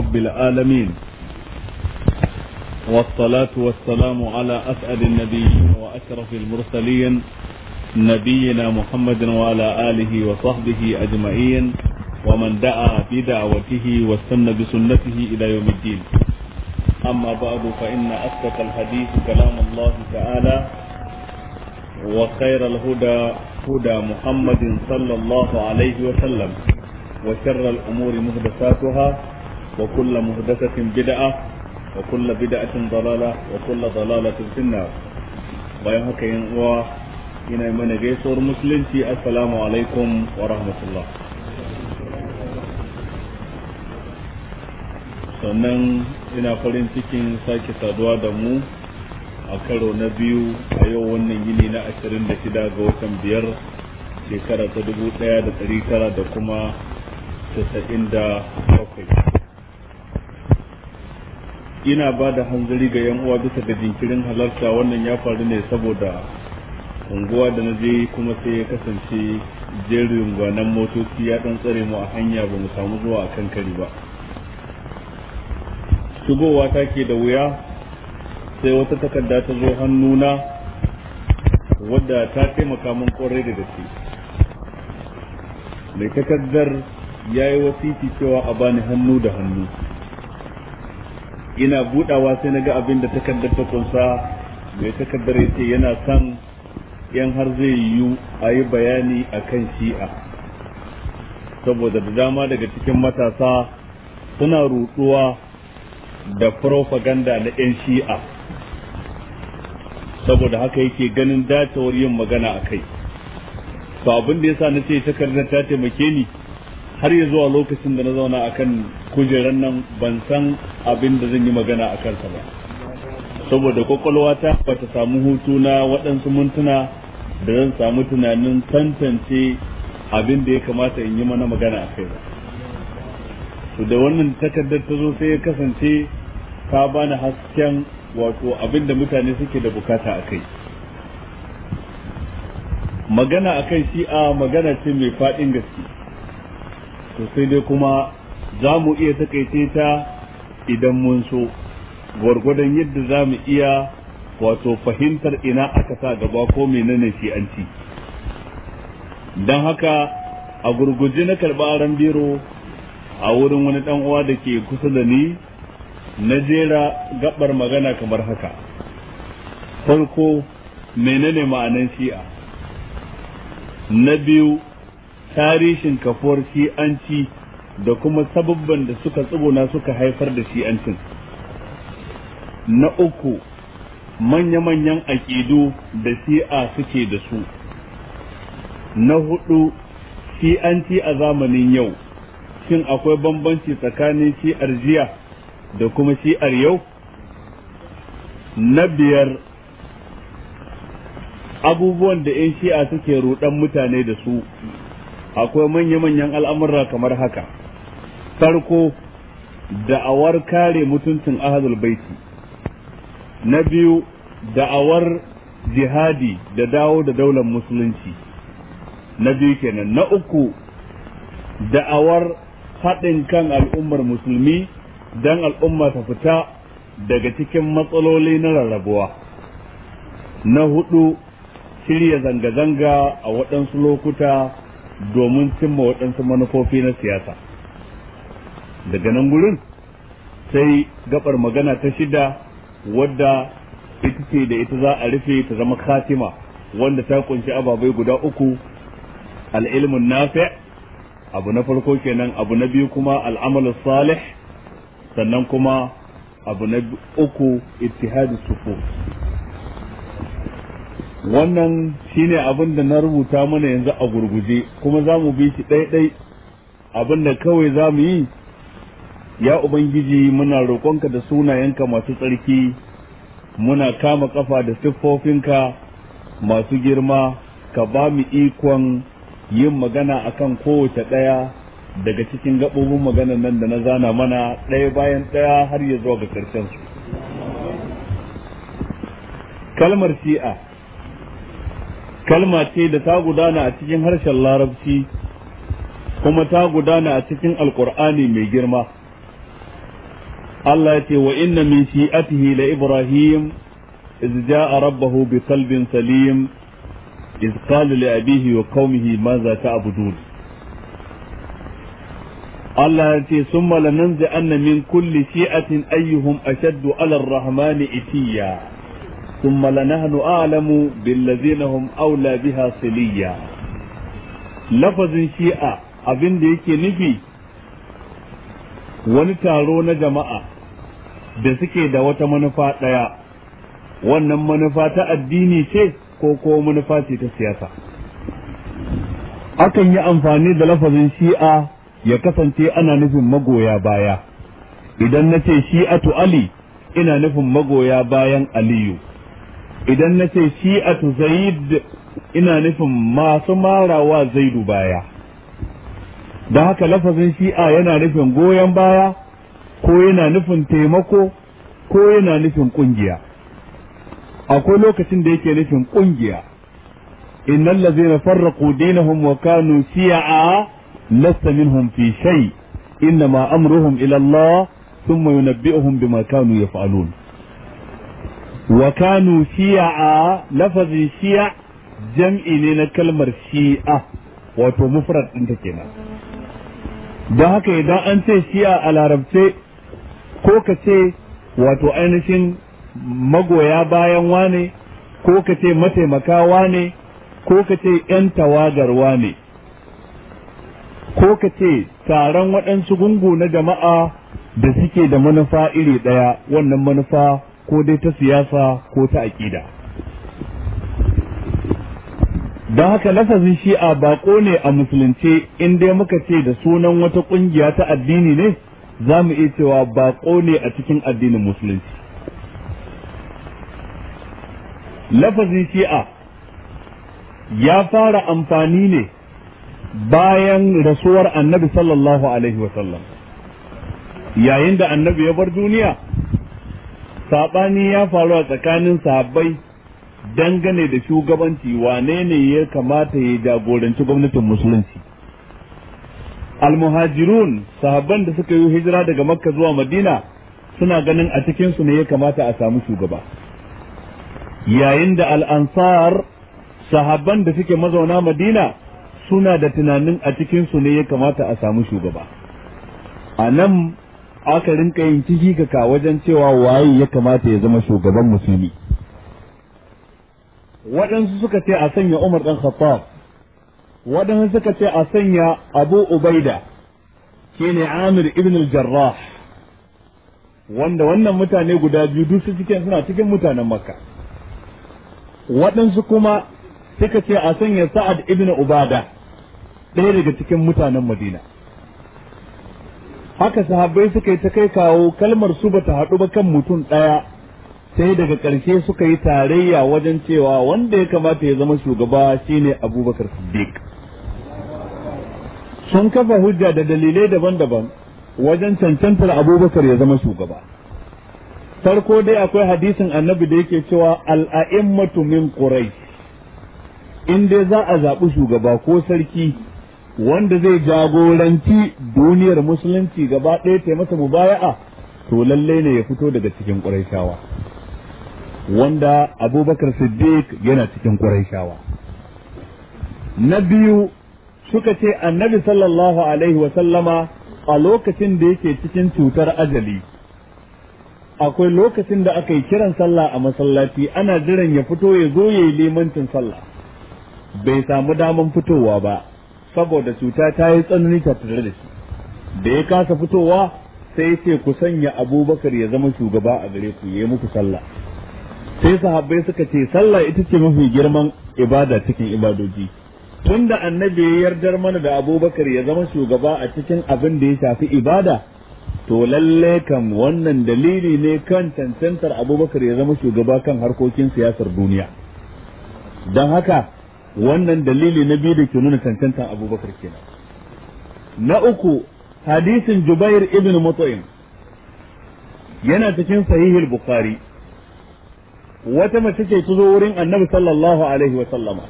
رب العالمين والصلاة والسلام على أسعد النبيين وأشرف المرسلين نبينا محمد وعلى آله وصحبه أجمعين ومن دعا بدعوته واستنى بسنته إلى يوم الدين أما بعد فإن أصدق الحديث كلام الله تعالى وخير الهدى هدى محمد صلى الله عليه وسلم وشر الأمور محدثاتها وكل محدثة بدعة وكل بدعة ضلالة وكل ضلالة في النار bayan haka yan uwa ina mana gaisuwar musulunci assalamu alaikum wa rahmatullah sannan ina farin cikin sake saduwa da mu a karo na biyu a yau wannan yini na ashirin da shida ga watan biyar shekara ta dubu ɗaya da da kuma da 97 ina ba da hanzari ga yan uwa bisa da jinkirin halarta wannan ya faru ne saboda unguwa da na je kuma sai ya kasance jerin gwanan motoci ya dan tsare mu a hanya ba mu samu zuwa a kankari ba shigowa ta ke da wuya sai wata takarda ta zo hannuna wadda ta taimaka min kwarai da gaske mai takardar ya yi wasiti cewa a bani hannu da hannu ina budawa sai na ga abin da takardar ta kunsa mai takardar ya ce yana san yan har zai yiwu a yi bayani a kan shi'a saboda da dama daga cikin matasa suna rutuwa da propaganda na 'yan shi'a saboda haka yake ganin dacewar yin magana a kai to abin da ya sa na ce takardar ta taimake ni har ya zuwa lokacin da na zauna akan kujerar nan ban san abin da zan yi magana a kansa ba saboda kwakwalwata ba ta samu hutu na waɗansu mintuna da zan samu tunanin tantance abin da ya kamata in yi mana magana a kai ba Su da wannan takardar ta zo sai ya kasance ta bani hasken wato abin da mutane suke da bukata a kai magana a kai shi a magana ce mai faɗin gaske sosai dai kuma za mu iya takaice ta idan mun so gwargwadon yadda za mu iya wato fahimtar ina aka sa gaba ko menene shi an ci don haka a gurguji na karɓi aron biro a wurin wani ɗan uwa da ke kusa da ni na jera gabar magana kamar haka farko menene ma'anan shi'a na biyu tarihin kafuwar shi'anci da kuma sababban da suka tsibona suka haifar da shi'ancin na uku manya-manyan aƙidu da shi'a suke da su na hudu shi'anci a zamanin yau shin akwai bambanci tsakanin shi'ar jiya da kuma shi'ar yau na biyar abubuwan da 'yan shi'a suke rudan mutane da su akwai manya-manyan al'amurra kamar haka farko da'awar kare mutuncin ahadul baiti na biyu da'awar jihadi da dawo da daular musulunci na biyu kenan na uku da'awar haɗin kan al'ummar musulmi don al'umma ta fita daga cikin matsaloli na rarrabuwa na hudu shirya zanga-zanga a waɗansu lokuta domin cimma waɗansu manufofi na siyasa daga nan gurin sai gabar magana ta shida wadda ita ce da ita za a rufe ta zama khatima wanda ta kunshi ababai guda uku al'ilmun nafi abu na farko kenan abu na biyu kuma al'amalus salih sannan kuma abu na uku ittihadu sufu wannan shine abin da na rubuta mana yanzu a gurguje kuma za mu bi shi ɗaiɗai abin da kawai za mu yi ya ubangiji muna roƙonka da sunayenka masu tsarki muna kama ƙafa da siffofinka masu girma ka ba mu ikon yin magana akan kowace ɗaya daga cikin gaɓoɓin maganar nan da na zana mana ɗaya bayan ɗaya har ya zuwa ga ƙarshen su kalmar shi'a kalma ce da ta gudana a cikin harshen larabci kuma ta gudana a cikin alƙur'ani mai girma Allah ya ce wa inna min shi'atihi la Ibrahim iz ja'a rabbahu bi qalbin salim iz qala li abihi wa qaumihi ma za ta'budun Allah ya ce summa lananzi anna min kulli shi'atin ayyuhum ashaddu 'ala ar-rahmani itiya ثم لنحن أعلم بالذين هم أولى بها صليا لفظ شيئا abin da yake nufi wani taro na jama'a da suke da wata manufa ɗaya wannan manufa ta addini ce ko ko manufa ce ta siyasa akan yi amfani da lafazin shi'a ya kasance ana nufin magoya baya idan na ce shi'atu ali ina nufin magoya bayan aliyu idan na ce shi'atu zaid ina nufin masu marawa zaidu baya da haka lafazin shi'a yana nufin goyon baya ko yana nufin taimako ko yana nufin kungiya akwai lokacin da yake nufin kungiya innal ladzina farraqu dinahum wa kanu shi'a lasta minhum fi shay ma amruhum ila Allah thumma yunabbi'uhum bima kanu yaf'alun wa kanu shi'a lafazin shi'a jam'i ne na kalmar shi'a wato mufrad ɗinta kenan don haka idan an ce shi'a a larabce ko ka ce wato ainihin magoya bayan wane ko ka ce mataimaka wane ko ka ce 'yan tawagar wane ko ka ce taron waɗansu gungu na jama'a da suke da manufa iri ɗaya wannan manufa ko dai ta siyasa ko ta aƙida. don haka lafazin shi'a bako ne a musulunce in dai muka ce da sunan wata ƙungiya ta addini ne za mu iya cewa bako ne a cikin addinin musulunci lafazin shi'a ya fara amfani ne bayan rasuwar annabi sallallahu alaihi wasallam yayin da annabi ya bar duniya saɓani ya faru a tsakanin sahabbai dangane da shugabanci wane ne ya kamata ya jagoranci gwamnatin musulunci almuhajirun sahabban da suka yi hijira daga makka zuwa madina suna ganin a cikinsu ne ya kamata a samu shugaba yayin da al'ansar sahabban da suke mazauna madina suna da tunanin a cikinsu ne ya kamata a samu shugaba a nan aka rinka yin kaka wajen cewa waye ya kamata ya zama shugaban musulmi waɗansu suka ce a sanya Umar ɗan Khattab waɗansu suka ce a sanya Abu Ubaida ne Amir ibn al-Jarrah wanda wannan mutane guda biyu duk su cikin suna cikin mutanen Makka waɗansu kuma suka ce a sanya Sa'ad ibn Ubada ɗaya daga cikin mutanen Madina haka sahabbai suka yi ta kai kawo kalmar su bata haɗu ba kan mutum ɗaya sai daga ƙarshe suka yi tarayya wajen cewa wanda ya kamata ya zama shugaba shine abubakar siddiq sun kafa hujja da dalilai daban-daban wajen cancantar abubakar ya zama shugaba farko dai akwai hadisin annabi da yake cewa al'a'immatu min quraish in dai za a zaɓi shugaba ko sarki wanda zai jagoranci duniyar musulunci gaba ɗaya ta masa mubaya'a to lallai ne ya fito daga cikin ƙuraishawa wanda abubakar siddiq yana cikin kuraishawa na biyu suka ce annabi sallallahu alaihi sallama a lokacin da yake cikin cutar ajali akwai lokacin da aka yi kiran sallah a masallaci ana jiran ya fito ya zo ya yi limancin sallah bai samu daman fitowa ba saboda cuta ta yi tsanani ta tare da shi da ya kasa fitowa sai ce ku sanya abubakar ya zama shugaba a gare ku ya yi muku sallah sai sahabbai suka ce sallah ita ce mafi girman ibada cikin ibadoji tunda annabi ya yardar mana da abubakar ya zama shugaba a cikin abin da ya shafi ibada to lalle kam wannan dalili ne kan cancantar abubakar ya zama shugaba kan harkokin siyasar duniya don haka wannan dalili na biyu da ke nuna cancantar abubakar kenan na uku hadisin jubair ibn mutu'im yana cikin sahihul bukhari wata mace ke ta zo wurin annabi sallallahu alaihi wa sallama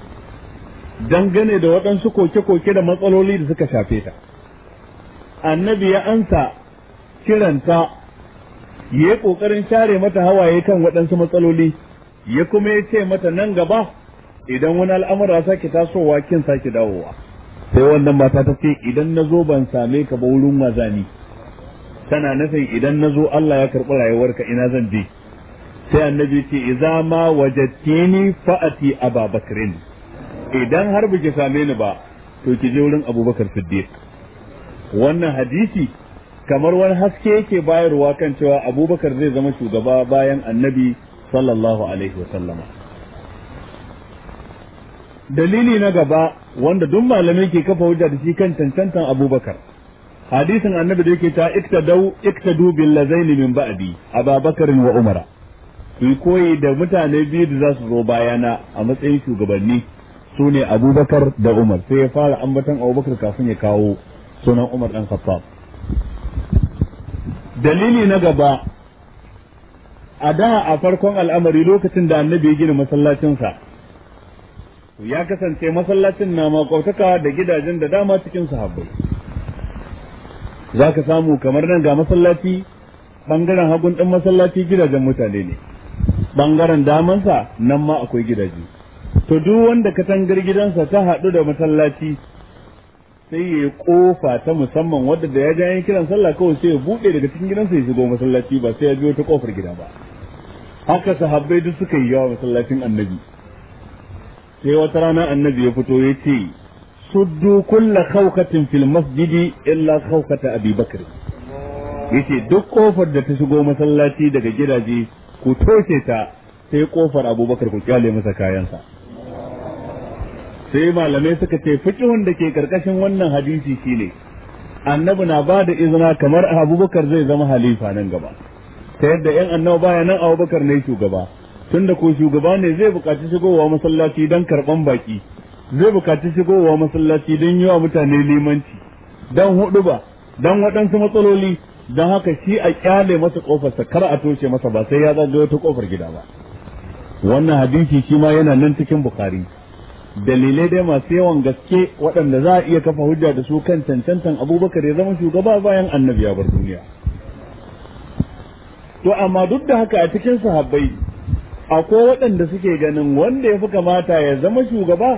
dangane da waɗansu koke-koke da matsaloli da suka shafe ta annabi ya ansa kiranta ya yi ƙoƙarin share mata hawaye kan waɗansu matsaloli ya kuma ya ce mata nan gaba idan wani al'amura sake tasowa kin sake dawowa sai wannan mata ta ce idan na zo ban same ka ba wurin wazani tana nufin idan na zo Allah ya karɓi rayuwarka ina zan je sai annabi ce idza ma wajadtini fa'ati ababakrin idan har biki same ni ba to ki je wurin abubakar siddiq wannan hadisi kamar wani haske yake bayarwa kan cewa abubakar zai zama shugaba bayan annabi sallallahu alaihi wa sallama dalili na gaba wanda duk malamai ke kafa hujja da shi kan cancantan abubakar hadisin annabi da yake ta iktadau iktadu bil ladaini min ba'di ababakarin wa umara in koyi da mutane biyu da za su zo bayana a matsayin shugabanni su ne abubakar da umar sai ya fara ambatan abubakar kafin ya kawo sunan umar ɗan khattab dalili na gaba a da a farkon al'amari lokacin da annabi ya gina masallacinsa ya kasance masallacin na makwautaka da gidajen da dama cikin sahabbai za ka samu kamar nan ga masallaci bangaren hagun ɗin masallaci gidajen mutane ne bangaren damansa nan ma akwai gidaje to duk wanda katangar gidansa ta haɗu da masallaci sai ya kofa ta musamman wadda da ya gani kiran sallah kawai sai ya buɗe daga cikin gidansa ya shigo masallaci ba sai ya biyo ta kofar gida ba haka sahabbai duk suka yi yawa masallacin annabi sai wata rana annabi ya fito ya ce suddu kulla khawkatin fil masjidi illa khawkata abi bakr yace duk kofar da ta shigo masallaci daga gidaje ku toshe ta sai kofar abubakar ku kyale masa kayansa sai malamai suka ce fikihun da ke karkashin wannan hadisi ne. annabi na ba da izina kamar abubakar zai zama halifa nan gaba ta yadda yan annabu baya nan abubakar ne shugaba tunda ko shugaba ne zai bukaci shigowa masallaci don karɓan baki zai bukaci shigowa masallaci don yi wa mutane limanci don huɗuba don waɗansu matsaloli don haka shi a kyale masa kofarsa kar a toshe masa ba sai ya zagaye ta kofar gida ba wannan hadisi shi ma yana nan cikin bukari dalilai dai masu yawan gaske waɗanda za a iya kafa hujja da su kan cancantan abubakar ya zama shugaba bayan annabi ya bar duniya to amma duk da haka a cikin sahabbai akwai waɗanda suke ganin wanda ya fi kamata ya zama shugaba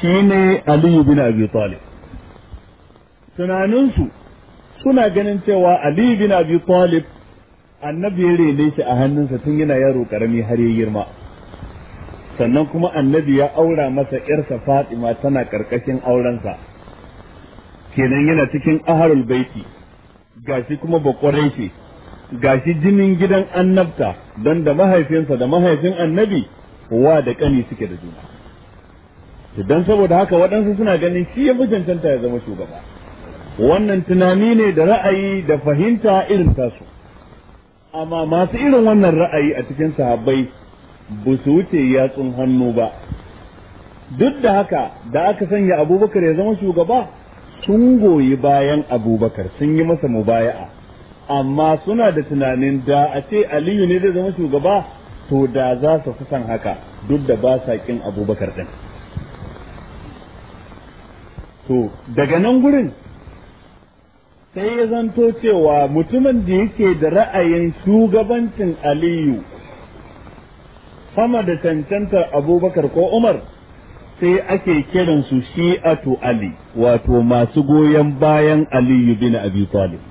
shine aliyu bin abi talib tunaninsu suna ganin cewa Ali bin Abi Talib annabi ya rene shi a hannunsa tun yana yaro karami har ya girma sannan kuma annabi ya aura masa yarsa Fatima tana karkashin aurensa kenan yana cikin aharul baiti gashi kuma bakwarai ce gashi jinin gidan annabta don da mahaifinsa da mahaifin annabi wa da kani suke da juna don saboda haka waɗansu suna ganin shi ya ya zama shugaba wannan tunani ne da ra'ayi da fahimta irin tasu amma masu irin wannan ra'ayi a cikin sahabbai ba su wuce yatsun hannu ba duk da haka da aka sanya abubakar ya zama shugaba sun goyi bayan abubakar sun yi masa mubaya'a amma suna da tunanin da a ce aliyu ne zai zama shugaba to da za su fi son haka duk da ba sa kin abubakar din to daga nan gurin sai ya zanto cewa mutumin da yake da ra'ayin shugabancin aliyu sama da cancantar abubakar ko umar sai ake kiransu shi'atu ali wato masu goyon bayan aliyu bin abi talib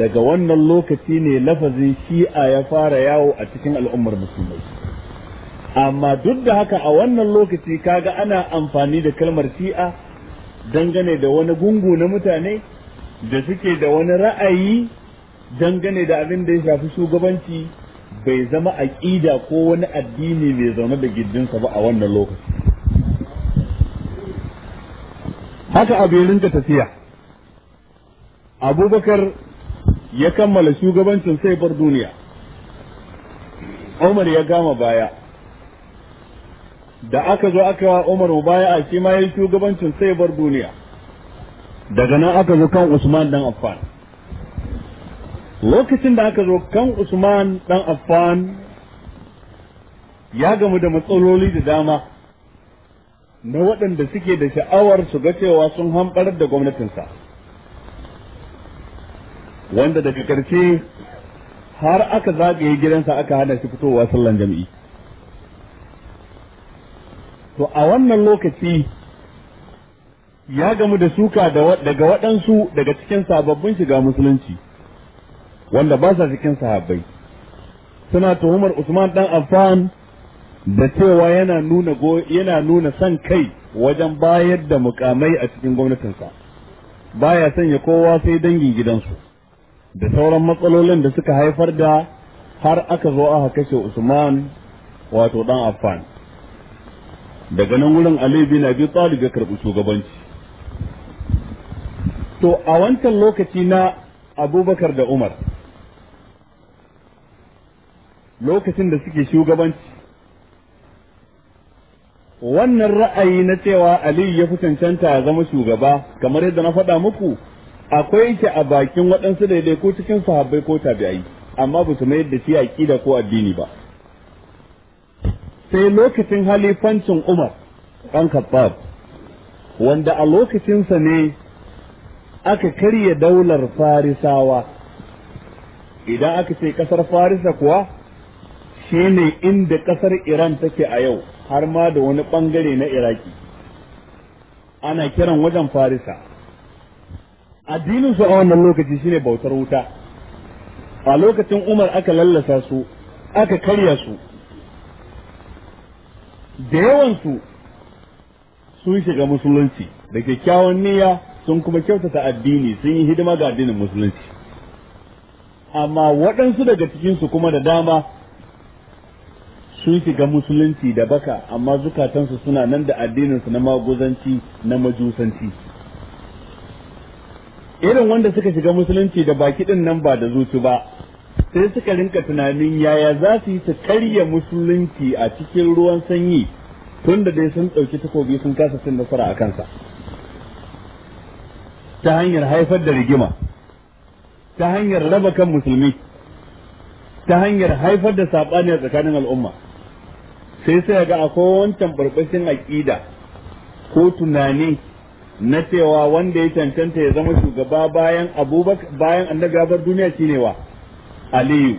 daga wannan lokaci ne lafazin shi'a ya fara yawo a cikin al'ummar musulmai amma duk da haka a wannan lokaci kaga ana amfani da kalmar shi'a dangane da wani gungu na mutane da suke da wani ra'ayi dangane da abin da ya shafi shugabanci bai zama aƙida ko wani addini mai zaune da gidinsa ba a wannan lokaci haka abin rinka tafiya abubakar ya kammala shugabancin sai bar duniya umar ya gama baya da aka zo aka umar baya a shi ma ya shugabancin sai bar duniya daga nan aka zo kan Usman dan Affan lokacin da aka zo kan Usman dan Affan ya gamu da matsaloli da dama na waɗanda suke da sha'awar su ga cewa sun hamɓarar da gwamnatinsa wanda daga ƙarshe har aka zagaye gidansa aka hana shi fitowa sallan jami'i to a wannan lokaci ya gamu da suka daga waɗansu daga cikin sababbin shiga musulunci wanda ba sa cikin sahabbai suna tuhumar Usman dan Affan da cewa yana nuna yana nuna son kai wajen bayar da mukamai a cikin gwamnatinsa baya sanya kowa sai dangin gidansu da sauran matsalolin da suka haifar da har aka zo aka kashe Usman wato dan Affan daga nan wurin Ali bin Abi Talib ya karɓi shugabanci to a wancan lokaci na abubakar da umar lokacin da suke shugabanci wannan ra'ayi na cewa aliyu ya fi cancanta ya zama shugaba kamar yadda na faɗa muku akwai yake a bakin waɗansu daidai ko cikin sahabbai ko tabi'ai amma ba su mayar da shi aƙida ko addini ba sai lokacin halifancin umar ɗan kabbab wanda a lokacinsa ne aka karya daular farisawa idan aka ce kasar farisa kuwa shi ne inda kasar iran take a yau har ma da wani bangare na iraki ana kiran wajen farisa addinin su a wannan lokaci shine bautar wuta a lokacin umar aka lallasa su aka karya su da yawansu sun shiga musulunci da kyakkyawan niyya sun kuma kyautata addini sun yi hidima ga addinin musulunci amma waɗansu daga cikinsu kuma da dama sun shiga musulunci da baka amma zukatansu suna nan da addininsu na maguzanci na majusanci irin wanda suka shiga musulunci da baki ɗin nan ba da zuci ba sai suka rinka tunanin yaya za su yi su karya musulunci a cikin ruwan sanyi tun da dai sun ɗauki takobi sun kasa cin nasara a kansa. ta hanyar haifar da rigima ta hanyar raba kan musulmi ta hanyar haifar da saɓani a tsakanin al'umma sai sai ga akwai wancan barbashin aƙida ko tunani na cewa wanda ya cancanta ya zama shugaba bayan abubakar bayan annabi ya bar duniya shine wa aliyu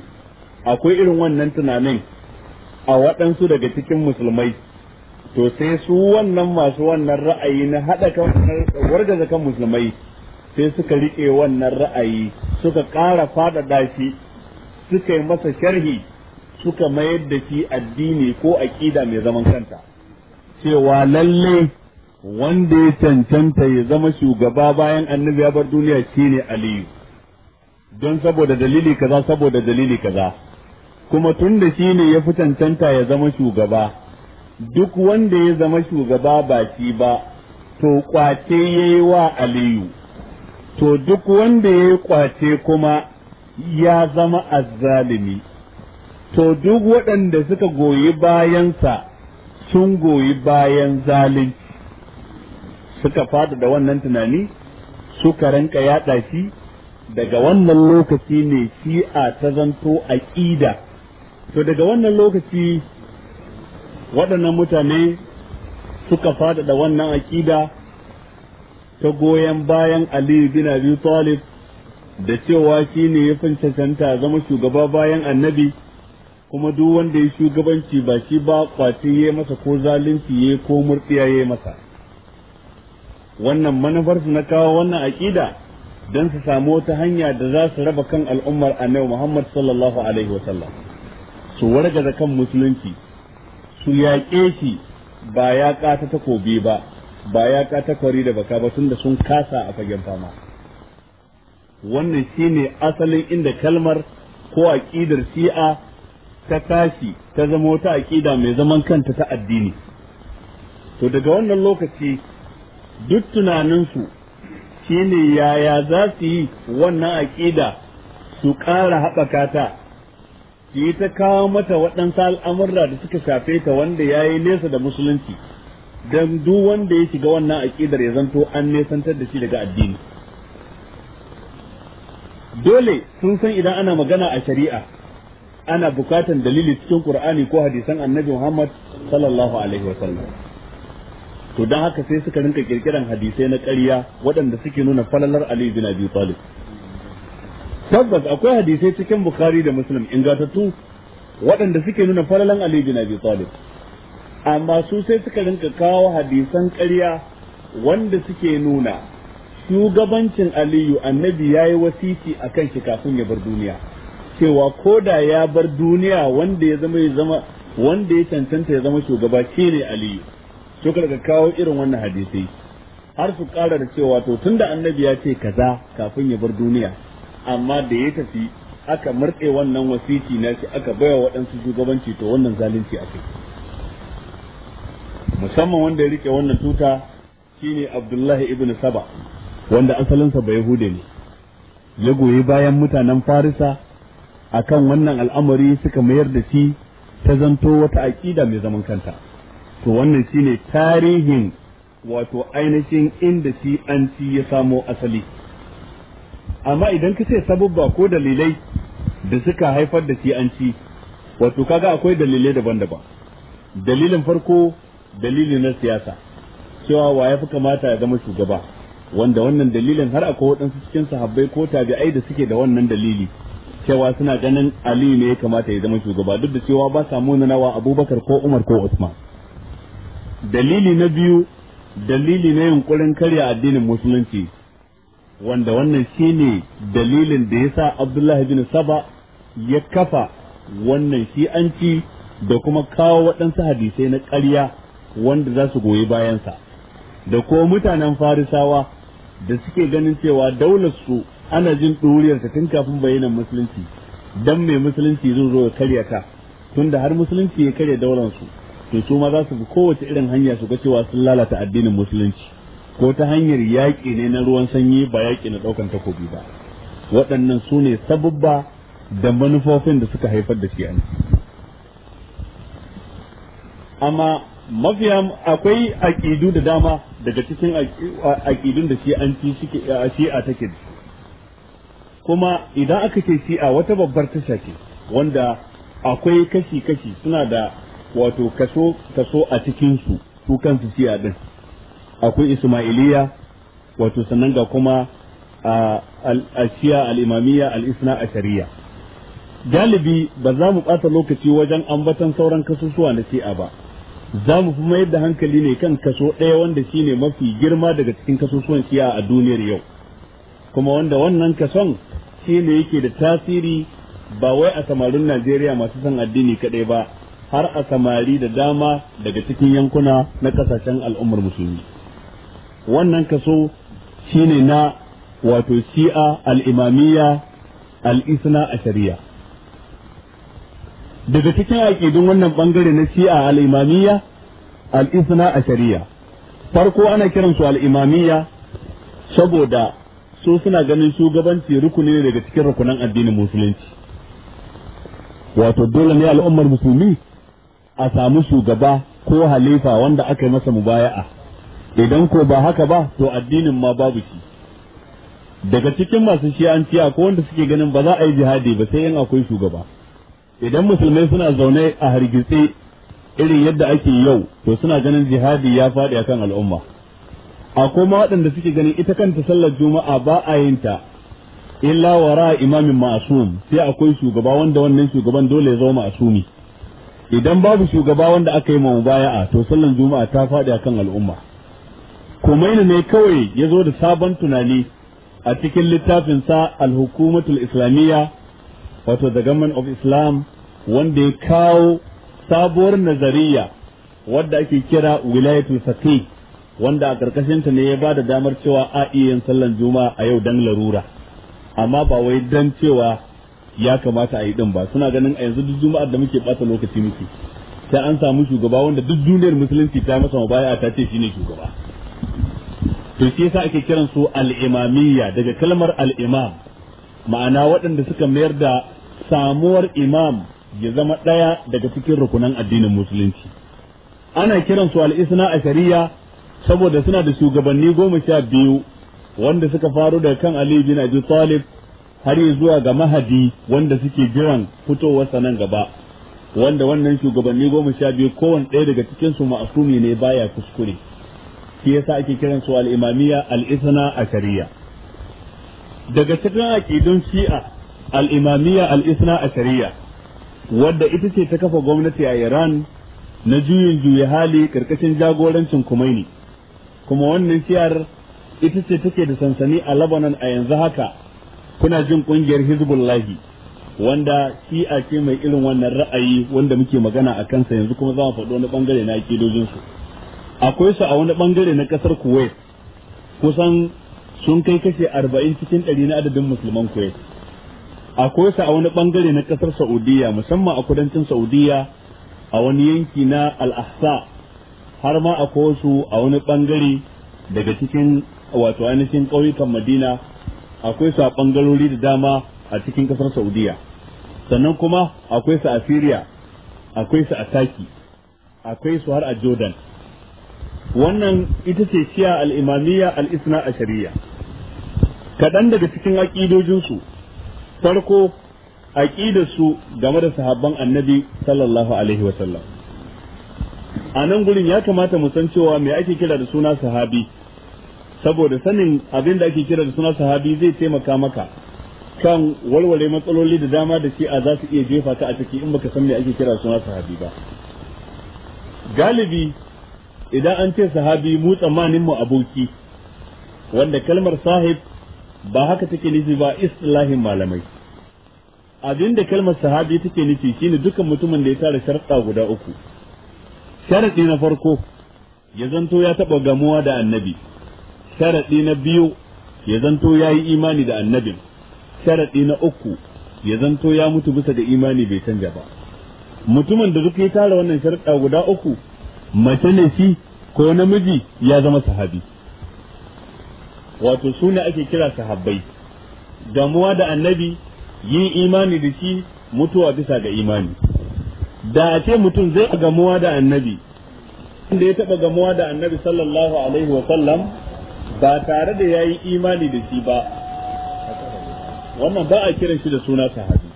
akwai irin wannan tunanin a waɗansu daga cikin musulmai to sai su wannan masu wannan ra'ayi na haɗa kan wargaza kan musulmai sai suka riƙe wannan ra'ayi suka ƙara faɗaɗa shi suka yi masa sharhi suka mayar da shi addini ko aƙida mai zaman kanta cewa lalle wanda ya cancanta ya zama shugaba bayan annabi ya bar duniya shine aliyu don saboda dalili kaza saboda dalili kaza kuma tun da shi ne ya fi cancanta ya zama shugaba duk wanda ya zama shugaba ba shi ba to kwace ya yi wa aliyu to duk wanda ya yi kwace kuma ya zama azzalimi to duk waɗanda suka goyi bayansa sun goyi bayan zalunci suka fada da wannan tunani suka ranka yaɗa shi daga wannan lokaci ne shi'a ta zanto aƙida to daga wannan lokaci waɗannan mutane suka fada da wannan aƙida ta goyon bayan Ali bin Abi Talib da cewa shi ne ya cancanta zama shugaba bayan annabi kuma duk wanda ya shugabanci ba shi ba kwace ya masa ko zalunci ya ko murtiya ya masa wannan manufar su na kawo wannan aƙida don su samu wata hanya da za su raba kan al'ummar annabi Muhammad sallallahu alaihi wasallam su wargaza kan musulunci su yaƙe shi ba ya ƙata takobi ba ba ya ka takwari da baka ba tun da sun kasa a fagen fama wannan shine asalin inda kalmar ko ƙidar shi'a ta tashi ta zama wata ƙida mai zaman kanta ta addini to daga wannan lokaci duk tunaninsu shine yaya za su yi wannan ƙida su ƙara haɓaka ta su yi ta kawo mata waɗansu al'amurra da suka shafe ta wanda ya yi nesa da musulunci dan duk wanda ya shiga wannan aqidar ya zanto an nesantar da shi daga addini dole sun san idan ana magana a shari'a ana bukatan dalili cikin qur'ani ko hadisan annabi Muhammad sallallahu alaihi wa sallam to dan haka sai suka rinka kirkiran hadisai na ƙarya waɗanda suke nuna falalar Ali bin Abi Talib tabbas akwai hadisai cikin bukari da Muslim ingantattu waɗanda suke nuna falalan Ali bin Abi Talib amma su sai suka rinka kawo hadisan ƙarya wanda suke nuna shugabancin aliyu annabi ya yi wasiti a kan shi kafin ya bar duniya cewa ko da ya bar duniya wanda ya zama wanda ya cancanta ya zama shugaba ce ne aliyu su ka kawo irin wannan hadisai har su ƙara da cewa to tun da annabi ya ce kaza kafin ya bar duniya amma da ya tafi aka murɗe wannan wasiti na shi aka baiwa waɗansu shugabanci to wannan zalunci a kai musamman wanda ya rike wannan tuta shine Abdullahi ibn Saba wanda asalinsa ba Yahude ne ya goyi bayan mutanen Farisa akan wannan al'amari suka mayar da shi ta zanto wata aƙida mai zaman kanta to wannan shine tarihin wato ainihin inda shi an ci ya samo asali amma idan ka ce sababba ko dalilai da suka haifar da shi an ci wato kaga akwai dalilai daban-daban dalilin farko dalili na siyasa cewa wa ya fi kamata ya zama shugaba wanda wannan dalilin har akwai waɗansu cikin sahabbai ko tabi'ai da suke da wannan dalili cewa suna ganin Ali ne ya kamata ya zama shugaba duk da cewa ba sa wa Abubakar ko Umar ko Usman dalili na biyu dalili na yunkurin karya addinin musulunci wanda wannan shine dalilin da ya sa Abdullahi bin Saba ya kafa wannan shi'anci da kuma kawo waɗansu hadisai na ƙarya wanda za su goyi bayansa da ko mutanen farisawa da suke ganin cewa daular su ana jin ɗuriyar ta tun kafin bayanan musulunci dan mai musulunci zai zo ya karya ta tunda har musulunci ya karya daular su to su ma za su bi kowace irin hanya su ga cewa sun lalata addinin musulunci ko ta hanyar yaƙi ne na ruwan sanyi ba yaƙi na ɗaukan takobi ba waɗannan su ne sabubba da manufofin da suka haifar da shi amma mafiya akwai aƙidu da dama daga cikin aƙidun da shi'anci suke shi'a take da kuma idan aka ce shi'a wata babbar tasha ce wanda akwai kashi-kashi suna da wato kaso kaso a cikin su su kansu shi'a din akwai ismailiya wato sannan ga kuma a shi'a al-imamiyya al-isna ashariya galibi ba za mu ɓata lokaci wajen ambatan sauran kasusuwa na shi'a ba za mu fi mayar da hankali ne kan kaso ɗaya wanda shi ne mafi girma daga cikin kasusuwan siya a duniyar yau kuma wanda wannan kason shi ne yake da tasiri ba wai a samarin Najeriya masu son addini kaɗai ba har a samari da dama daga cikin yankuna na ƙasashen al'ummar musulmi wannan kaso shi ne na wato shi'a al'imamiyya al'isna a shari'a daga cikin aƙidun wannan bangare na shi'a al-imamiyya al-isna ashariya farko ana kiran su al saboda su suna ganin shugabanci rukuni ne daga cikin rukunan addinin musulunci wato dole ne al'ummar musulmi a samu shugaba ko halifa wanda aka yi masa mubaya'a idan ko ba haka ba to addinin ma babu shi daga cikin masu shi'anciya ko wanda suke ganin ba za a yi jihadi ba sai in akwai shugaba idan musulmai suna zaune a hargitse irin yadda ake yau to suna ganin jihadi ya faɗi kan al'umma a kuma waɗanda suke ganin ita kanta sallar juma'a ba a yin ta illa wara imamin ma'asum sai akwai shugaba wanda wannan shugaban dole ya zama ma'asumi idan babu shugaba wanda aka yi ma mubaya'a to sallar juma'a ta faɗi kan al'umma kumaini ne kawai ya zo da sabon tunani a cikin littafinsa al-hukumatul islamiyya wato the government of Islam wanda ya kawo sabuwar nazariya wadda ake kira wilayatul faqih wanda a ta ne ya ba da damar cewa a iya sallan juma'a a yau dan larura amma ba wai dan cewa ya kamata a yi din ba suna ganin a yanzu duk juma'ar da muke bata lokaci muke sai an samu shugaba wanda duk duniyar musulunci ta masa mabaya ta ce shine shugaba to shi yasa ake kiran su al-imamiyya daga kalmar al-imam ma'ana waɗanda suka mayar da samuwar imam ya zama ɗaya daga cikin rukunan addinin musulunci ana kiransu al'isna a shari'a saboda suna da shugabanni goma sha biyu wanda suka faru daga kan Ali bin Abi Talib har zuwa ga Mahadi wanda suke jiran sa nan gaba wanda wannan shugabanni goma sha biyu kowane ɗaya daga cikinsu su ma'asumi ne baya kuskure shi yasa ake kiran su al-imamiyya al-isna shari'a daga cikin aqidun shi'a al-imamiyya al-isna ashariya wadda ita ce ta kafa gwamnati a Iran na juyin juya hali karkashin jagorancin Kumaini kuma wannan siyar ita ce take da sansani a Lebanon a yanzu haka kuna jin kungiyar hezbollah wanda shi'a ce mai irin wannan ra'ayi wanda muke magana a kansa yanzu kuma za mu faɗo wani bangare na akidojinsu akwai su a wani bangare na kasar Kuwait kusan sun kai kashe arba'in cikin ɗari na adadin musulman kuwait akwai kosa a wani ɓangare na ƙasar saudiya musamman a kudancin saudiya a wani yanki na al har ma a kosu a wani bangare daga cikin wato ainihin ƙauyukan madina akwai su a bangarori da dama a cikin ƙasar saudiya sannan kuma akwai su a syria akwai su a taki akwai su har a jordan wannan ita ce shiya al-imamiyya al-isna a shari'a kaɗan daga cikin aƙidojinsu farko aƙidarsu game da sahabban annabi sallallahu alaihi wasallam a nan gurin ya kamata mu san cewa me ake kira da suna sahabi saboda sanin abin da ake kira da suna sahabi zai taimaka maka kan warware matsaloli da dama da ke a za su iya jefa ka a ciki in baka san me ake kira da suna sahabi ba galibi idan an ce sahabi mu tsammanin mu aboki wanda kalmar sahib ba haka take nufi ba istilahin malamai abin da kalmar sahabi take nufi shine dukan mutumin da ya tara sharɗa guda uku sharaɗi na farko ya zanto ya taɓa gamuwa da annabi sharaɗi na biyu ya zanto ya yi imani da annabin sharaɗi na uku ya zanto ya mutu bisa da imani bai canja ba mutumin da duk ya tara wannan sharɗa guda uku mace ne shi ko namiji ya zama sahabi wato su ne ake kira sahabbai damuwa da annabi yi imani da shi mutuwa bisa ga imani da a ce mutum zai gamuwa da annabi Inda ya taba gamuwa da annabi sallallahu alaihi wa sallam ba tare da ya yi imani da shi ba wannan ba a kiran shi da suna sahabi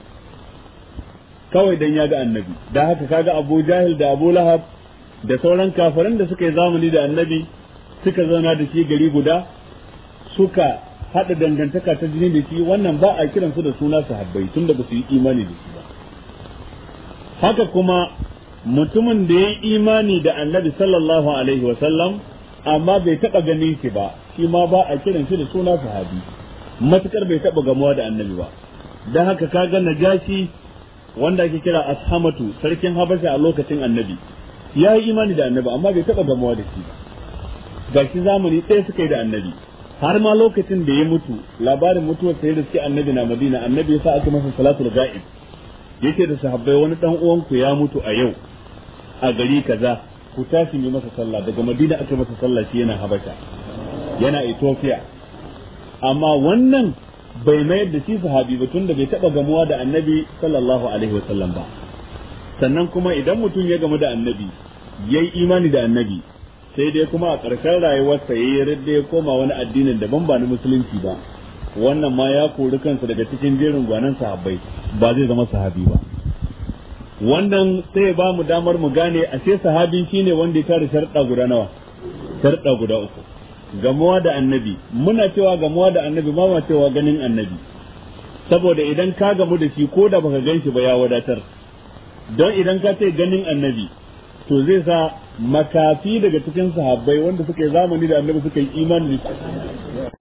kawai dan ya ga annabi da haka kaga abu jahil da abu lahab da sauran kafirin da suka yi zamani da annabi suka zauna da shi gari guda suka haɗa dangantaka ta jini da shi wannan ba a kiran su da suna su tun da ba su yi imani da shi ba haka kuma mutumin da ya yi imani da annabi sallallahu alaihi wasallam amma bai taba ganin shi ba shi ma ba a kiran shi da suna sahabi matukar bai taba gamuwa da annabi ba Don haka ka ga najashi wanda ake kira ashamatu sarkin habasha a lokacin annabi ya yi imani da annabi amma bai taba gamuwa da shi ba gashi zamani ɗaya suka yi da annabi har ma lokacin da ya mutu labarin mutuwar sai suke annabi na madina annabi ya sa aka masa salatul ga'ib yake da sahabbai wani dan uwan ku ya mutu a yau a gari kaza ku tashi mu masa sallah daga madina aka masa sallah shi yana habasha yana ethiopia amma wannan bai mayar da shi sahabi ba tunda bai taba gamuwa da annabi sallallahu alaihi wasallam ba sannan kuma idan mutum ya gamu da annabi yayi imani da annabi sai dai kuma a ƙarshen rayuwarsa ya yarda ya koma wani addinin daban ba na musulunci ba wannan ma ya kori kansa daga cikin jerin gwanan sahabbai ba zai zama sahabi ba wannan sai ba mu damar mu gane a sahabin shi ne wanda ya tare sharɗa guda nawa sharɗa guda uku gamuwa da annabi muna cewa gamuwa da annabi ba ma cewa ganin annabi saboda idan ka gamu da shi ko da baka gan shi ba ya wadatar don idan ka ce ganin annabi to zai sa makafi daga cikin sahabbai wanda suka yi zamani da annabi suka yi imani